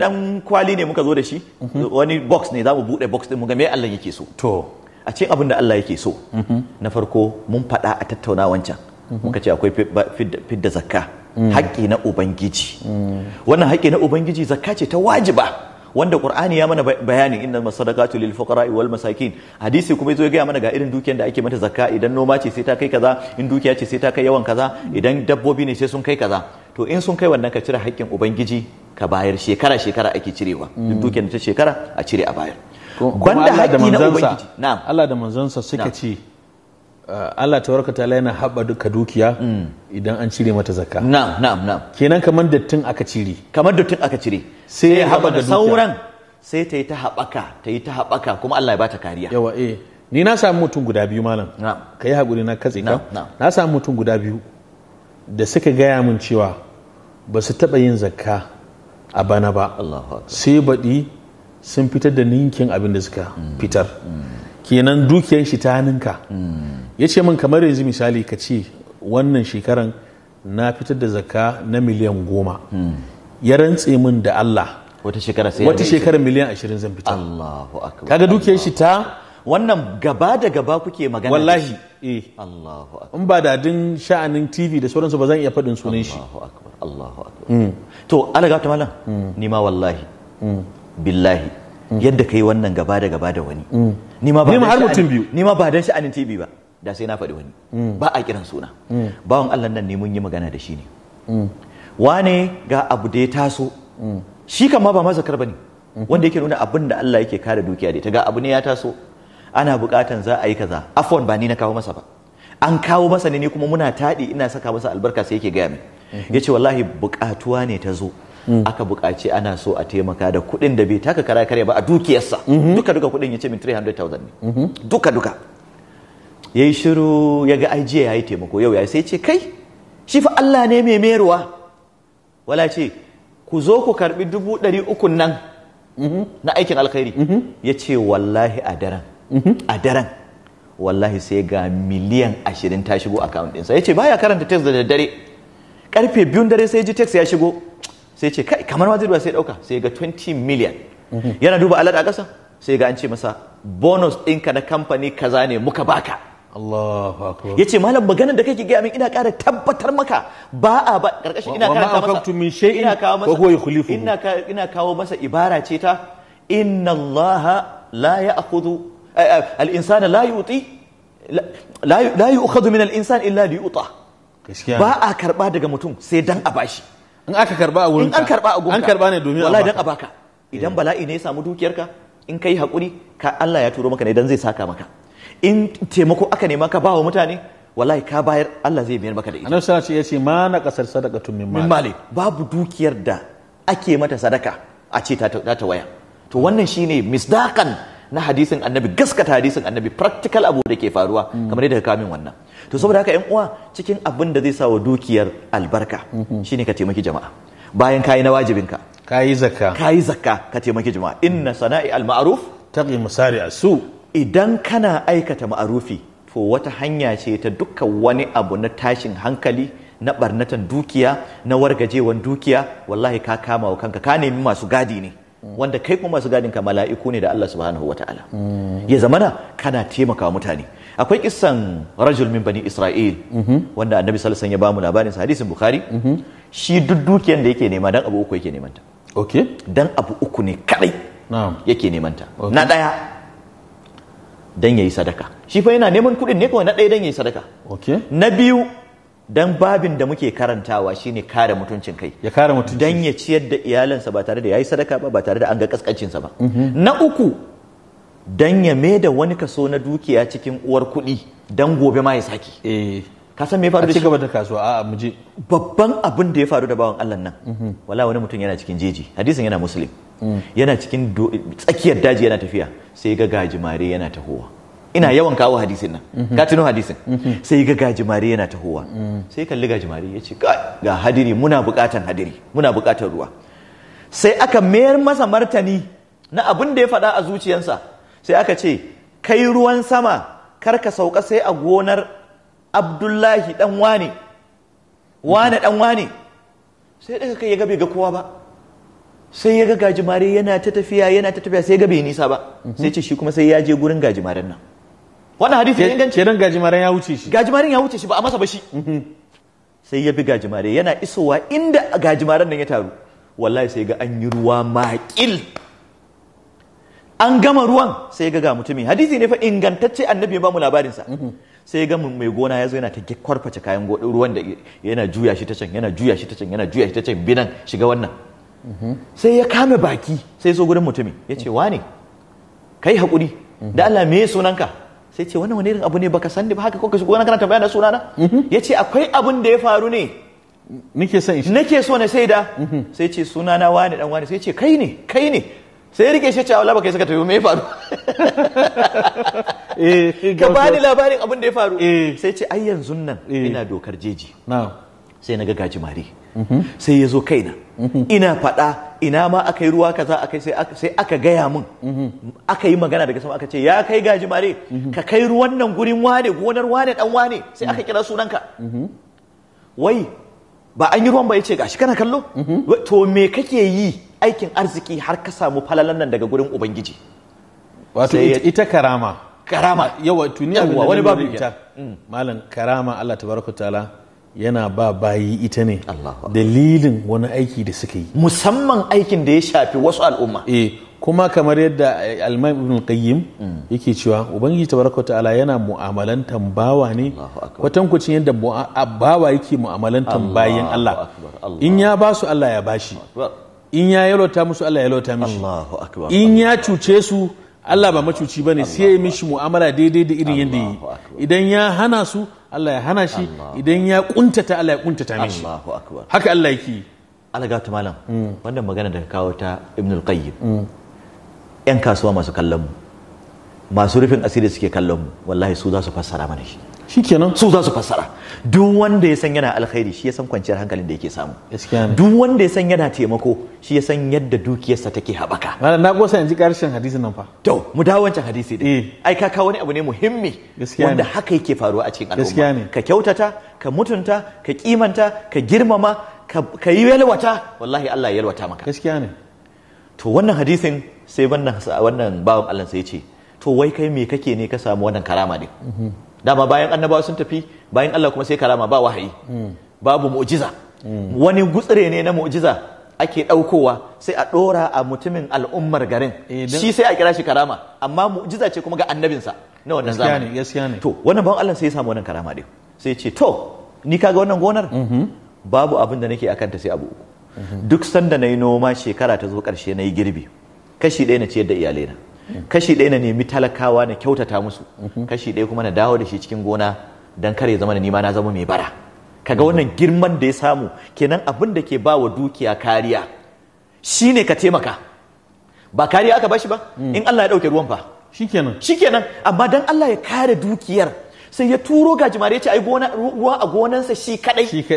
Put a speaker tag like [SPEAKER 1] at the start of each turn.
[SPEAKER 1] dan kwali ne muka zo da shi mhm. wani box ne Zamu mu buɗe box din mu ga me Allah yake so to a ce abin da Allah yake so mhm. na farko mun faɗa a tattauna wancan mhm. muka ce akwai fidda zakka mm. haƙƙi na ubangiji mm. wannan haƙƙi na ubangiji zakka ce ta wajiba wanda qur'ani ya mana bayani inna masadaqatu lil fuqara wal masakin hadisi kuma yazo ya gaya mana ga irin dukiyar da ake mata zakka idan noma ce sai ta kai kaza in dukiya ce sai ta kai yawan kaza idan dabbobi ne sai sun kai kaza to in sun kai wannan ka cire haƙƙin ubangiji ka bayar shekara shekara ake cirewa duk hmm. dukiyar da ta shekara a cire a bayar
[SPEAKER 2] banda haƙƙi na ubangiji na'am Allah da manzansa suka ce ah, Allah tabaraka ta'ala yana haɓa duka dukiya hmm. idan an cire mata zakka na'am na'am na'am kenan kamar dattin aka cire kamar dattin aka cire sai ya haɓa da sauran sai ta yi ta haɓaka ta yi ta haɓaka kuma Allah ya bata kariya yawa eh ni na samu mutum guda biyu malam ka yi haƙuri na katse ka na samu mutum guda biyu da suka gaya min cewa ba su taɓa yin zakka a bana ba sai baɗi sun fitar da ninkin abin da suka fitar kenan dukiyar shi ta ninka ya ce min kamar yanzu misali ka ce wannan shekaran na fitar da zaka na miliyan goma ya rantse min da Allah wata shekara miliyan ashirin zan fitar kaga dukiyar shi ta wannan gaba da gaba kuke magana wallahi
[SPEAKER 1] eh Allahu
[SPEAKER 2] akbar in ba da din sha'anin TV da sauransu ba zan iya faɗin sunan shi Allahu akbar Allahu akbar hmm. to alaga ta malam hmm. ni ma
[SPEAKER 1] wallahi hmm. billahi yadda kai wannan gaba da gaba da wani ni ma ba ni ma har mutum biyu ni ma ba dan sha'anin TV ba da sai na faɗi wani ba a kiran suna bawan Allah nan ne mun yi magana da shi ne wane ga abu da ya taso shi kama ba mazakar bane wanda yake nuna abin da Allah yake kare dukiya da ta ga abu ne ya taso ana bukatan za a yi kaza afwan ba ni na kawo masa ba an kawo masa ne kuma muna taɗi ina saka masa albarka sai yake gaya min mm-hmm. ya ce wallahi bukatuwa ne ta zo mm. aka bukaci ana so a taimaka da kuɗin da bai taka kara karya ba a dukiyarsa mm-hmm. duka duka kuɗin ya ce min 300,000 ne mm-hmm. duka duka ya yi shiru ya ga ajiya ya yi taimako yau ya sai ce kai shi fa Allah ne mai meruwa wala ce ku zo ku karbi dubu ɗari ukun nan na aikin alkhairi ya ce wallahi a daren a daren wallahi sai ga miliyan ashirin ta shigo account ɗinsa ya ce baya karanta text da daddare karfe biyun dare sai ji text ya shigo sai ce kai kamar wajen zai sai ɗauka sai ga 20 miliyan yana duba alat a ƙasa sai ga an ce masa bonus ɗinka na kamfani kaza ne muka baka
[SPEAKER 2] Allahu akbar yace
[SPEAKER 1] malam maganar da kake gaya min ina ƙara tabbatar maka ba a ba karkashin ina karanta masa min shay'in ina kawo masa ina kawo masa ibara ce ta inna Allah la ya'khudhu al'insan la yuti la yu'khadhu illa li ba a karba daga mutum sai dan a bashi an karba a an karba ne domin wallahi dan a baka idan bala'i ne ya samu dukiyarka in kai hakuri ka Allah ya turo maka ne dan zai saka maka in taimako aka nema ka wa mutane wallahi ka bayar Allah zai biyar maka da ita annabi sallallahu alaihi wasallam ma na kasar sadaqatun min mali babu dukiyar da ake mata sadaka a ce ta ta waya to wannan shine misdakan na hadisin annabi gaskata hadisin annabi practical abu da ke faruwa kamar yadda ka kamin wannan to saboda haka yan uwa cikin abin da zai sa wa dukiyar albarka mhm. shine ka taimaki jama'a bayan kayi na wajibinka kayi zakka kayi zakka ka taimaki jama'a inna sana'i al-ma'ruf taqi masari su idan kana aikata ma'arufi to wata hanya ce ta dukkan wani abu na tashin hankali na barnatan dukiya na wargajewan dukiya wallahi ka kama wa kanka ka nemi masu gadi ne wanda kai kuma masu gadin ka mala'iku ne da Allah subhanahu Ta'ala. ya zamana kana taimaka mutane akwai kissan rajul min bani isra'il wanda annabi sallallahu alaihi ya bamu labarin sa hadisin bukhari shi duk dukiyar da yake nema dan abu uku yake neman ta okay dan abu uku ne kadai na'am yake neman ta na daya dan yayi sadaka shi fa yana neman kudin ne kawai na daya dan yayi sadaka okay na biyu dan babin da muke karantawa shine kare mutuncin kai ya kare mutunci. dan ya ciyar da iyalansa ba tare da yayi sadaka ba ba tare da an ga kaskancin sa ba mm-hmm. na uku dan ya me da wani kaso na dukiya cikin uwar kuɗi dan gobe ma ya saki eh ka san me faru da shi gaba da kasuwa a'a mu je babban abin da ya faru da bawan Allah nan mm-hmm. wala wani mutum yana cikin jeji hadisin yana muslim mm. yana cikin tsakiyar daji yana tafiya sai ga gajimare yana tahowa ina yawan kawo hadisin nan mhm. ka tuno hadisin mhm. sai ga gajimare yana tahowa mhm. sai kalli gajimare ya ce ga hadiri muna bukatan hadiri muna bukatan ruwa sai aka mayar masa martani na abin da ya faɗa a zuciyarsa sai aka ce kai ruwan sama kar ka sauka sai a gonar abdullahi dan wane wane dan wane sai daga kai ya gabe ga kowa ba sai ya ga gajimare yana ta tafiya yana ta tafiya sai ya gabe nisa ba sai ce shi kuma sai ya je gurin gajimaren nan
[SPEAKER 2] wannan hadisi ya inganci kenan gajimaren ya wuce shi gajimaren ya wuce shi ba a masa ba shi mhm.
[SPEAKER 1] sai ya bi gajimare yana isowa inda gajimaren nan ya taru wallahi sai ga an yi ruwa maƙil an gama ruwan sai ga ga mutumi hadisi ne fa ingantacce annabi ya mu labarinsa mhm. sai ga mai gona ya zo yana ta kwarface kayan ruwan da yana juya shi ta can yana juya shi ta can yana juya shi ta can binan shiga wannan mhm. sai ya kame baki sai zo gurin mutumi ya ce wane kai haƙuri da Allah me sunanka sai ce wannan wani irin abu ne baka sani ba haka ko ka shigo kana tambaya da suna na mm-hmm. ce akwai abin da ya faru ne nake son shi nake so na sai da mm-hmm. sai ce suna na wani dan wani sai ce kai ne kai ne sai ya rike shi ce Allah baka saka tafi me ya faru eh ka ni labarin abin da ya faru eh. sai ce ai yanzu nan eh. ina dokar jeji na'am sai na ga gajimare sai ya zo kaina ina faɗa ina ma aka yi ruwa kaza aka sai aka sai aka gaya min aka yi magana daga sama aka ce ya kai gaji mare ka kai ruwan nan gurin wane gonar wane dan wane sai aka kira sunanka wai ba an yi ruwan ba yace gashi kana kallo to me kake yi aikin arziki har ka samu falalan nan daga gurin ubangiji
[SPEAKER 2] wato ita karama karama yawa tuni wani babu ita mm. malam karama Allah tabaraka taala yana ba bayi ita ne dalilin wani aiki da suka yi musamman aikin da ya shafi wasu al'umma eh, kuma kamar yadda eh, alman ibn qayyim mm. yake cewa ubangiji tabaraka ta'ala yana mu'amalantan bawa ne kwatankwacin yadda bawa yake mu'amalantan bayan Allah in ya ba su Allah ya bashi in ya yalota musu Allah ya yalota mishi in ya cuce su Allah ba macuci bane sai ya yi mishi mu'amala daidai da irin yadda yi idan ya hana su Allah ya hana shi idan ya kuntata Allah ya kuntata mishi Allahu akbar haka Allah yake Allah gata malam mm. wannan magana da kawo ta
[SPEAKER 1] Ibn al-Qayyim mm. yan kasuwa masu kallon mu masu rufin asiri suke kallon mu wallahi su za su fassara mana shi shikenan su za su fassara duk wanda ya san yana alkhairi shi ya san kwanciyar hankalin da yake samu duk wanda ya san yana taimako shi ya san yadda dukiyarsa take haɓaka malam na gosa yanzu karshen hadisi nan fa to mu dawo wancan hadisi din eh. ai ka kawo wani abu ne muhimmi wanda haka yake faruwa a cikin al'umma ka kyautata ka mutunta ka kimanta ka girmama ka yi yalwata wallahi Allah ya yalwata maka gaskiya ne to wannan hadisin sai wannan wannan bawan Allah sai ya ce to wai kai me kake ne ka samu wannan karama din mhm. dama bayan annabawa sun tafi bayan Allah kuma sai karama ba wahayi hmm. babu mu'jiza hmm. wani gutsire ne na mu'jiza ake ɗaukowa sai a ɗora a mutumin al'ummar garin eh, shi sai a kira shi karama amma mu'jiza ce kuma ga annabinsa na wannan zamani gaskiya ne to wannan ban Allah sai ya samu wannan karama din sai ce to ni kaga wannan gonar mm-hmm. babu abin da nake akan ta sai abu uku mm-hmm. duk sanda na yi noma shekara ta zo karshe na yi girbi kashi ɗaya na ciyar da iyalaina kashi ɗaya na nemi talakawa na kyautata musu kashi ɗaya kuma na dawo da shi cikin gona don kare zama na nima na zama mai bara kaga wannan girman da ya samu kenan abin da ke ba wa dukiya kariya shine ka taimaka ba kariya aka bashi ba hmm. in Allah ya ɗauke ruwan fa shikenan shikenan amma dan Allah ya kare dukiyar sai ya turo gajimare ya ce ai ruwa a gonansa shi kadai